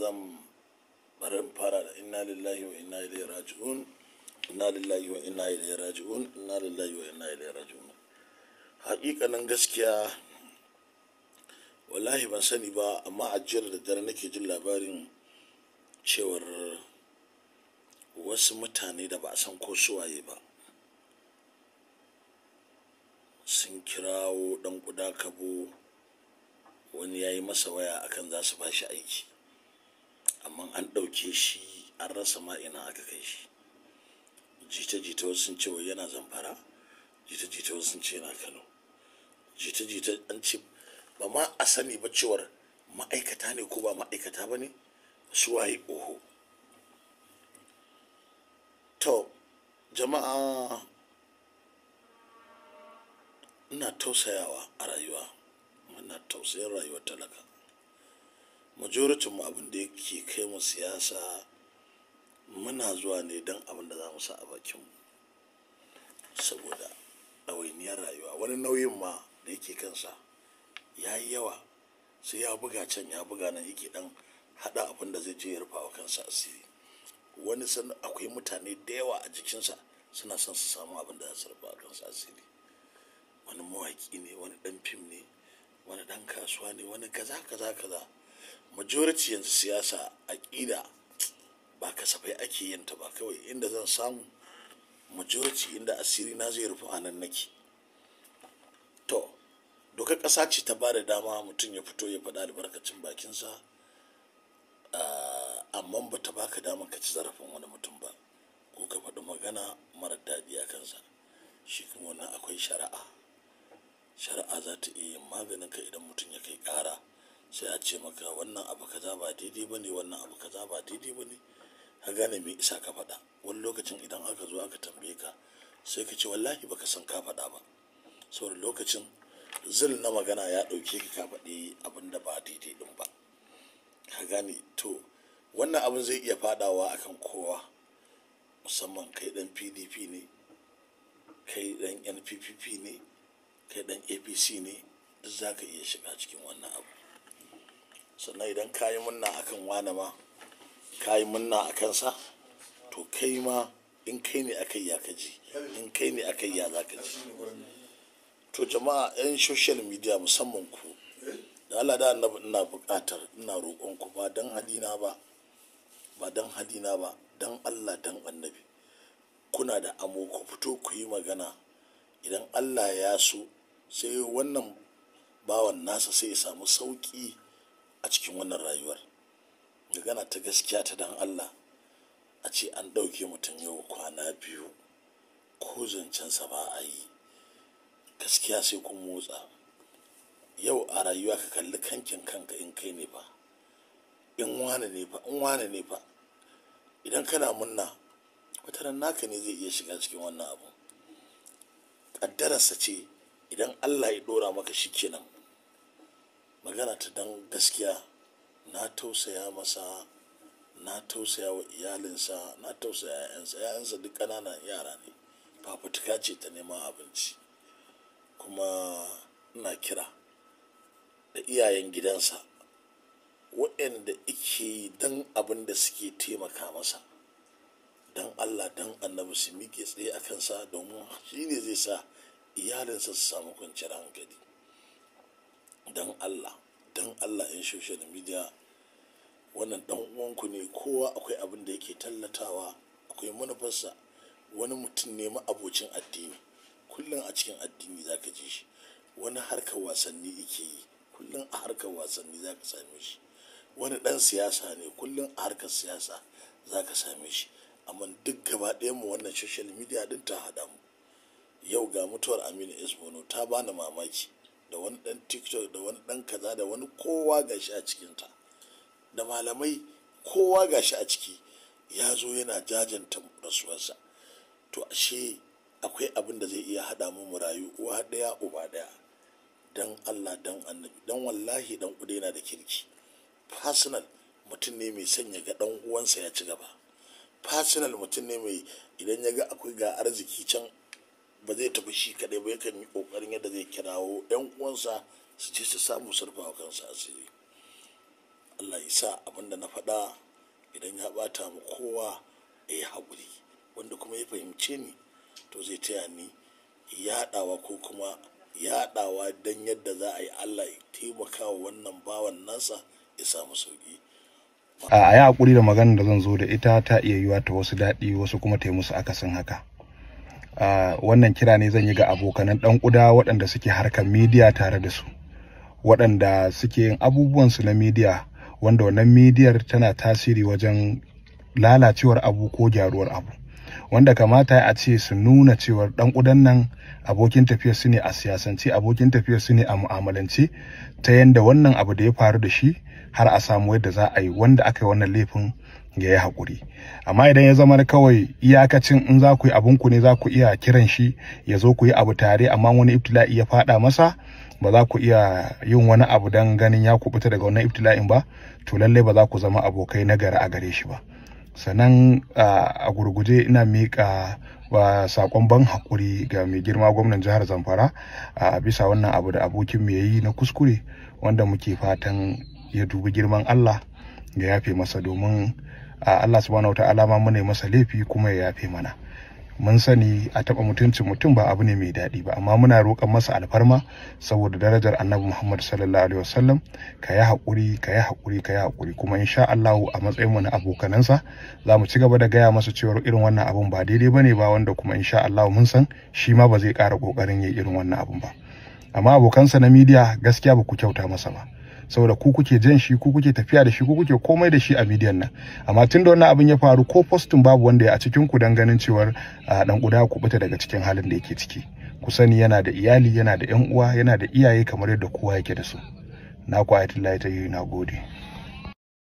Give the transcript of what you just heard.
zan barin fara da inna lillahi wa inna ilaihi raji'un inna lillahi wa inna ilaihi raji'un inna lillahi wa inna ilaihi raji'un haƙiƙanin gaskiya wallahi ban sani ba amma ajiyar da dare nake jin labarin cewar wasu mutane da ba a san ko suwaye ba sun kirawo dan kuda kabo wani ya yi masa waya akan za su ba shi aiki amma an ɗauke shi an rasa ma aka kai shi jita-jita wasu sun ce yana zamfara jita-jita wasu sun ce yana kano jita-jita an ce ba ma a sani ba cewar ma'aikata ne ko ba ma'aikata ba ne su waye oho to jama'a ina tausayawa a rayuwa ina tausayin rayuwar talaka majoricin mu abin da yake kai mu siyasa muna zuwa ne don abin da za mu sa a bakin saboda ɗawainiyar rayuwa wani nauyin ma da yake kansa ya yi yawa sai ya buga can ya buga nan yake dan haɗa abin da zai je ya rufa kansa asiri wani san akwai mutane da yawa a jikinsa suna son su samu abin da su rufa kansa asiri wani mawaƙi ne wani ɗan fim ne wani ɗan kasuwa ne wani kaza kaza kaza majority yanzu siyasa ƙida ba kasafai ake yin ta ba kawai inda zan samu majority inda asiri na zai rufu anan naki nake to doka ƙasa ce ta ba da dama mutum ya fito ya faɗa albarkacin bakinsa ah, amma ba ta baka dama ka ci zarafin wani mutum ba ko ka faɗi magana mara daɗi a kansa shi kuma wannan akwai shari'a shari'a za ta iya yin maganin ka idan mutum ya kai ƙara sai a ce maka wannan abu kaza ba daidai ba ne wannan abu kaza ba daidai ba ne ka gane me isa ka faɗa wani lokacin idan aka zo aka tambaye ka sai ka ce wallahi baka san ka faɗa ba saboda lokacin zil na magana ya ɗauke ka ka faɗi abin da ba daidai ɗin ba ka gane to wannan abin zai iya faɗawa akan kowa musamman kai ɗan pdp ne kai ɗan npp ne kai ɗan apc ne duk za ka iya shiga cikin wannan abu sannan idan ka yi munna akan wane ma ka yi munna a kansa to kai ma in kai ne aka ya ka ji in kai ne akai ya za ka ji to jama'a 'yan social media musamman ku da Allah da annabi ina buƙatar ina roƙon ku ba dan hadina ba ba dan hadina ba dan Allah dan annabi kuna da amo ku fito ku yi magana idan Allah ya so sai wannan bawan nasa sai ya samu sauki. a cikin wannan rayuwar magana ta gaskiya ta dan Allah a ce an ɗauke mutum yau kwana biyu ko zancensa ba a yi gaskiya sai kun motsa yau a rayuwa ka kalli kankin kanka in kai ne ba in wane ne fa in wane ne fa idan kana munna wata naka ne zai iya shiga cikin wannan abu ƙaddararsa ce idan allah ya ɗora maka shi kenan magana ta don gaskiya na tausaya masa na tausaya wa iyalinsa na tausaya yayansa yayansa duk ƙananan yara ne fafutuka ce ta nema abinci kuma ina kira da iyayen gidansa waɗanda ike yi don abin da suke taimaka masa don allah don annabi su miƙe tsaye a kansa domin shi ne zai sa iyalinsa su samu kwanciyar hankali dan allah dan allah in social media wannan dan uwanku ne kowa akwai abin da yake tallatawa akwai manufarsa wani mutum ne abocin addini kullum a cikin addini zaka ka ji shi wani harkar wasanni yake yi kullum a harkar wasanni za same shi wani dan siyasa ne kullum a harkar siyasa zaka same shi amma duk gaba ɗaya mu wannan social media din ta haɗa mu yau ga mutuwar aminu isbono ta bani mamaki da wani dan tiktok da wani dan kaza da wani kowa gashi a cikinta da malamai kowa gashi a ciki ya zo yana jajanta rasuwarsa to ashe akwai abin da zai iya haɗa mu rayu uwa ɗaya uba ɗaya dan allah dan annabi dan wallahi dan kudai yana da kirki personal mutum ne mai sanya ga dan uwansa ya ci gaba personal mutum ne mai idan ya ga akwai ga arziki can ba zai tafi shi kadai ba yakan yi kokarin yadda zai kirawo yan uwansa su ce su samu sarfa a kansa asiri Allah ya sa abin da na faɗa idan ya bata mu kowa ya yi haƙuri wanda kuma ya fahimce ni to zai taya ni yaɗawa ko kuma yaɗawa don yadda za a yi Allah ya taimaka wa wannan bawan nasa ya samu sauki. a yi haƙuri da maganar da zan zo da ita ta iya yiwa ta wasu daɗi wasu kuma ta yi musu akasin haka Ah, wannan kira ne zan yi ga abokanan ɗan kuda waɗanda suke harkar midiya tare da su waɗanda suke yin abubuwansu na midiya wanda wannan midiyar tana tasiri wajen lalacewar abu ko gyaruwar abu wanda kamata a ce su nuna cewar ɗan ƙudan nan abokin tafiyar su ne a siyasance abokin tafiyar su ne a mu'amalance ta yadda wannan abu da ya faru da shi har a samu yadda za a yi wanda aka yi wannan laifin ya yi haƙuri amma idan ya zama kawai iyakacin in za ku yi abinku ne za ku iya kiran shi ya zo ku yi abu tare amma wani ibtila'i ya faɗa masa ba za ku iya yin wani abu don ganin ya kubuta daga wannan ibtila'in ba to lallai ba za ku zama abokai na gari a gare shi ba sannan a gurguje ina miƙa ba saƙon ban haƙuri ga mai girma gwamnan jihar zamfara a bisa wannan abu da abokin mu yi na kuskure wanda muke fatan ya dubi girman allah ga yafe masa domin Allah subhanahu wataala ma mu masa laifi kuma ya yafe mana mun sani a taɓa mutuncin mutum ba abu ne mai daɗi ba amma muna roƙon masa alfarma saboda darajar annabi muhammad sallallahu alaihi wasallam ka yi haƙuri ka yi haƙuri ka yi haƙuri kuma insha allahu a matsayin mu na abokanansa za mu ci gaba da gaya masa cewar irin wannan abun ba daidai ba ne ba wanda kuma insha allahu mun san shi ma ba zai ƙara ƙoƙarin yin irin wannan abun ba amma abokansa na midiya gaskiya ba ku kyauta masa ba saboda ku kuke jan shi ku kuke tafiya da shi ku kuke komai da shi a bidiyon nan amma tun da wannan abin ya faru ko postin babu wanda ya a cikin ku dan ganin cewar dan guda ku bita daga cikin halin da yake ciki ku sani yana da iyali yana da yan uwa yana da iyaye kamar yadda kowa yake da su na ku ayatullahi ta yi na gode